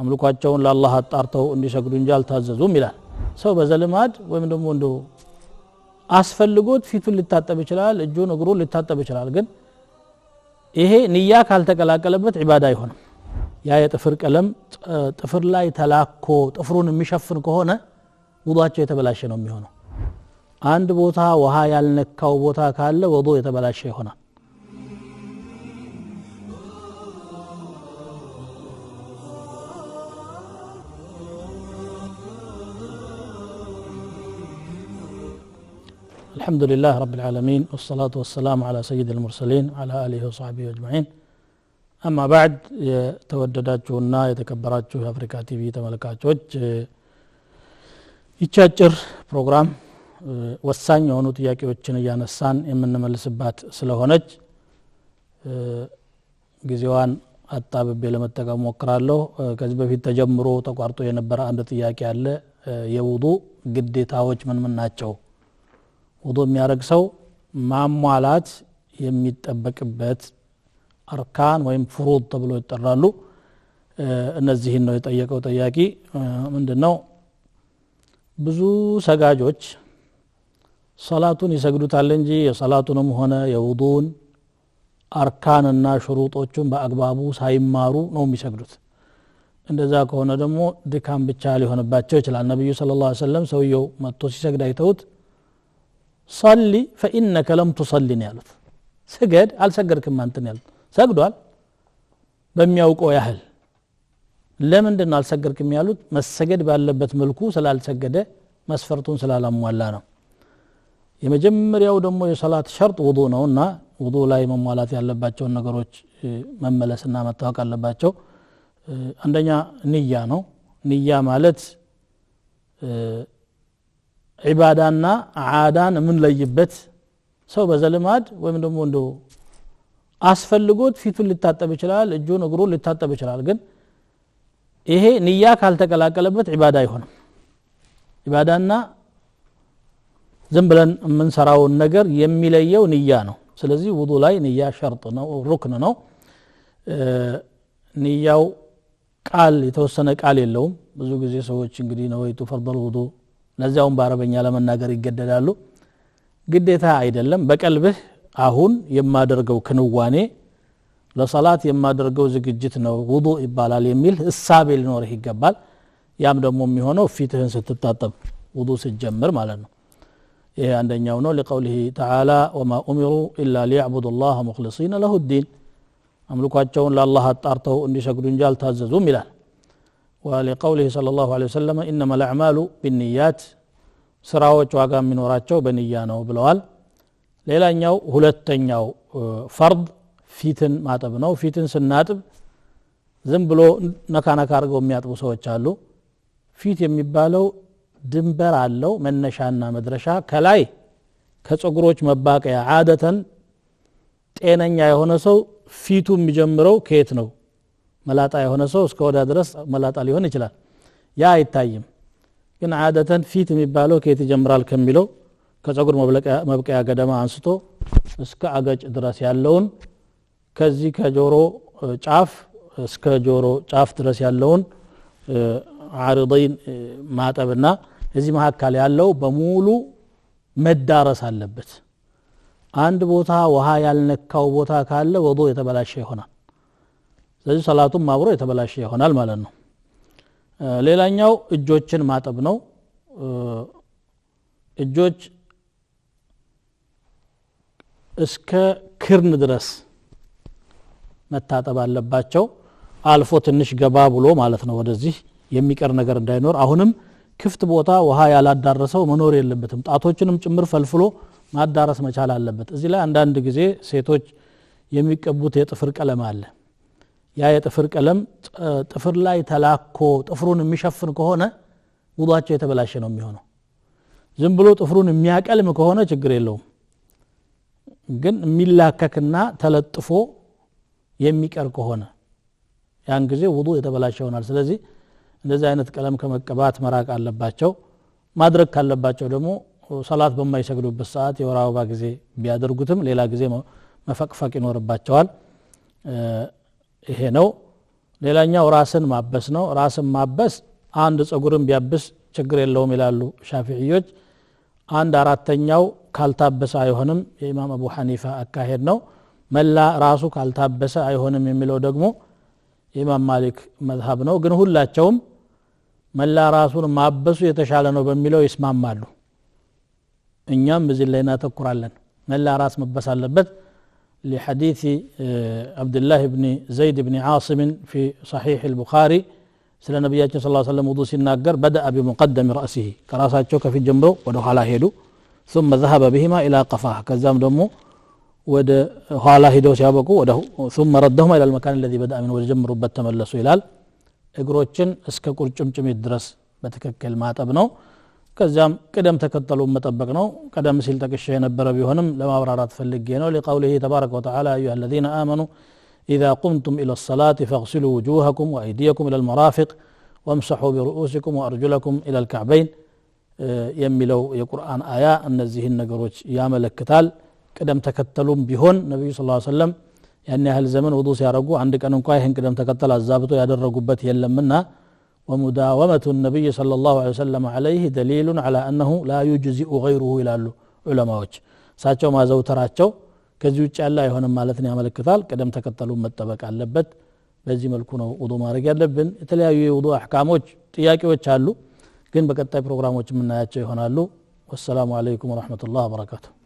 አምልኳቸውን ለአላህ አጣርተው እንዲሰግዱ እንጂ አልታዘዙም ይላል ሰው በዘልማድ ወይም ደሞ እንደ አስፈልጎት ፊቱን ሊታጠብ ይችላል እጁን እግሩን ሊታጠብ ይችላል ግን ይሄ ንያ ካልተቀላቀለበት ዒባዳ አይሆንም ያ የጥፍር ቀለም ጥፍር ላይ ተላኮ ጥፍሩን የሚሸፍን ከሆነ ውዷቸው የተበላሸ ነው የሚሆነው አንድ ቦታ ውሃ ያልነካው ቦታ ካለ ወዶ የተበላሸ ይሆናል الحمد لله رب العالمين والصلاة والسلام على سيد المرسلين على آله وصحبه أجمعين أما بعد توددات جونا يتكبرات جو أفريكا تي في تملكات جوج يتشاجر بروغرام وسان يونو تياكي وچنا يانا السان إمن نمال سبات سلوهنج جزيوان الطابب بيلمتك موكرالو كذبه في تجمرو تقوارتو ينبرا عند تياكي على يوضو قدي تاوج من من ناتشو ውዶ የሚያደረግ ሰው ማሟላት የሚጠበቅበት አርካን ወይም ፍሩድ ተብሎ ይጠራሉ እነዚህን ነው የጠየቀው ጠያቂ ምንድን ነው ብዙ ሰጋጆች ሰላቱን ይሰግዱታል እንጂ የሰላቱንም ሆነ የውዱን አርካንና ሽሩጦቹን በአግባቡ ሳይማሩ ነው የሚሰግዱት እንደዛ ከሆነ ደግሞ ድካም ብቻ ሊሆንባቸው ይችላል ነቢዩ ስለ ላ ሰለም ሰውየው መጥቶ ሲሰግድ አይተውት ሰሊ ፈኢነከ ለም ቱሰሊ ያሉት ስገድ አልሰገድክም አንትን ያሉት ሰግዷል በሚያውቀው ያህል ለምንድን አልሰገድክም ያሉት መሰገድ ባለበት መልኩ ስላልሰገደ መስፈርቱን ስላላሟላ ነው የመጀመሪያው ደግሞ የሰላት ሸርጥ ውዱ ነው እና ውዱ ላይ መሟላት ያለባቸውን ነገሮች መመለስና መታወቅ አለባቸው አንደኛ ንያ ነው ንያ ማለት ዒባዳና ዓዳን የምንለይበት ሰው በዘልማድ ወይም ደግሞ እንደ አስፈልጎት ፊቱን ሊታጠብ ይችላል እጁን እግሩን ሊታጠብ ይችላል ግን ይሄ ንያ ካልተቀላቀለበት ዒባዳ አይሆንም ዒባዳና ዝም ብለን የምንሰራውን ነገር የሚለየው ንያ ነው ስለዚህ ውዱ ላይ ንያ ሸርጥ ነው ሩክን ነው ንያው ቃል የተወሰነ ቃል የለውም ብዙ ጊዜ ሰዎች እንግዲህ ነወይቱ ፈርደል ውዱ ለዚያውም በአረበኛ ለመናገር ይገደዳሉ ግዴታ አይደለም በቀልብህ አሁን የማደርገው ክንዋኔ ለሰላት የማደርገው ዝግጅት ነው ውዱ ይባላል የሚል እሳቤ ሊኖርህ ይገባል ያም ደግሞ የሚሆነው ፊትህን ስትታጠብ ውዱ ስጀምር ማለት ነው ይሄ አንደኛው ነው ሊቀውልህ ተዓላ ወማ ኡሚሩ ኢላ ሊያዕቡዱ ላህ ሙክሊሲነ ለሁ ዲን አምልኳቸውን ለአላህ አጣርተው እንዲሰግዱ እንጂ አልታዘዙም ይላል ولقوله صلى الله عليه وسلم إنما الأعمال بالنيات ስራዎች ዋጋ የሚኖራቸው በንያ ነው ብለዋል ሌላኛው ሁለተኛው ፈርድ ፊትን ማጠብ ነው ፊትን ስናጥብ ዝም ብሎ ነካነካ አድርገው የሚያጥቡ ሰዎች አሉ ፊት የሚባለው ድንበር አለው መነሻና መድረሻ ከላይ ከፀጉሮች መባቀያ አደተን ጤነኛ የሆነ ሰው ፊቱ የሚጀምረው ከየት ነው መላጣ የሆነ ሰው እስከ ወዳ ድረስ መላጣ ሊሆን ይችላል ያ አይታይም ግን አደተን ፊት የሚባለው ከየት ይጀምራል ከሚለው ከጸጉር መብቀያ ገደማ አንስቶ እስከ አገጭ ድረስ ያለውን ከዚህ ከጆሮ ጫፍ እስከ ጆሮ ጫፍ ድረስ ያለውን አርضይን ማጠብና እዚህ መካከል ያለው በሙሉ መዳረስ አለበት አንድ ቦታ ውሃ ያልነካው ቦታ ካለ ወዶ የተበላሸ ይሆናል ስለዚህ ሰላቱም አብሮ የተበላሸ ይሆናል ማለት ነው ሌላኛው እጆችን ማጠብ ነው እጆች እስከ ክርን ድረስ መታጠብ አለባቸው አልፎ ትንሽ ገባ ብሎ ማለት ነው ወደዚህ የሚቀር ነገር እንዳይኖር አሁንም ክፍት ቦታ ውሃ ያላዳረሰው መኖር የለበትም ጣቶችንም ጭምር ፈልፍሎ ማዳረስ መቻል አለበት እዚህ ላይ አንዳንድ ጊዜ ሴቶች የሚቀቡት የጥፍር ቀለም አለ ያ የጥፍር ቀለም ጥፍር ላይ ተላኮ ጥፍሩን የሚሸፍን ከሆነ ውዷቸው የተበላሸ ነው የሚሆነው ዝም ብሎ ጥፍሩን የሚያቀልም ከሆነ ችግር የለውም ግን የሚላከክና ተለጥፎ የሚቀር ከሆነ ያን ጊዜ ውዱ የተበላሸ ይሆናል ስለዚህ እንደዚህ አይነት ቀለም ከመቀባት መራቅ አለባቸው ማድረግ ካለባቸው ደግሞ ሰላት በማይሰግዱበት ሰዓት የወር አበባ ጊዜ ቢያደርጉትም ሌላ ጊዜ መፈቅፈቅ ይኖርባቸዋል ይሄ ነው ሌላኛው ራስን ማበስ ነው ራስን ማበስ አንድ ጸጉርን ቢያብስ ችግር የለውም ይላሉ ሻፊዕዮች አንድ አራተኛው ካልታበሰ አይሆንም የኢማም አቡ ሐኒፋ አካሄድ ነው መላ ራሱ ካልታበሰ አይሆንም የሚለው ደግሞ የኢማም ማሊክ መዝሀብ ነው ግን ሁላቸውም መላ ራሱን ማበሱ የተሻለ ነው በሚለው ይስማማሉ እኛም በዚህ ላይ እናተኩራለን መላ ራስ መበስ አለበት لحديث آه، عبد الله بن زيد بن عاصم في صحيح البخاري سل النبي صلى الله عليه وسلم وضوء الناقر بدا بمقدم راسه كراسا شوكة في جنبه ودخل هيدو ثم ذهب بهما الى قفاه كزام دمو ود خالا هيدو سيابكو وده ثم ردهما الى المكان الذي بدا منه وجم رب تملسوا الى اغروتشن اسك قرچمچم يدرس بتككل ما طبنو كزام قدم تكتلوا متبق نو قدم سيل تكشه نبر لما برارات فلقينو لقوله تبارك وتعالى أيها الذين آمنوا إذا قمتم إلى الصلاة فاغسلوا وجوهكم وأيديكم إلى المرافق وامسحوا برؤوسكم وأرجلكم إلى الكعبين يملوا يا قرآن آياء النزيه النقروج يا ملكتال قدم تكتلوا بهن نبي صلى الله عليه وسلم يعني أهل زمن وضوس يا رقو عندك أنهم قايهن قدم تكتل الزابط يا رقوبة يلمنا ومداومة النبي صلى الله عليه وسلم عليه دليل على أنه لا يجزئ غيره إلى العلماء ساتشو ما زوتراتشو كزيو الله يهون مالتنا عمل كثال قدم تكتلوا متبك على لبت بزي ملكونا وضو ما رجع لبن يتلاقي وضو أحكاموش تياكي وچالو كن بكتاي برغراموش من ناياتشو يهون والسلام عليكم ورحمة الله وبركاته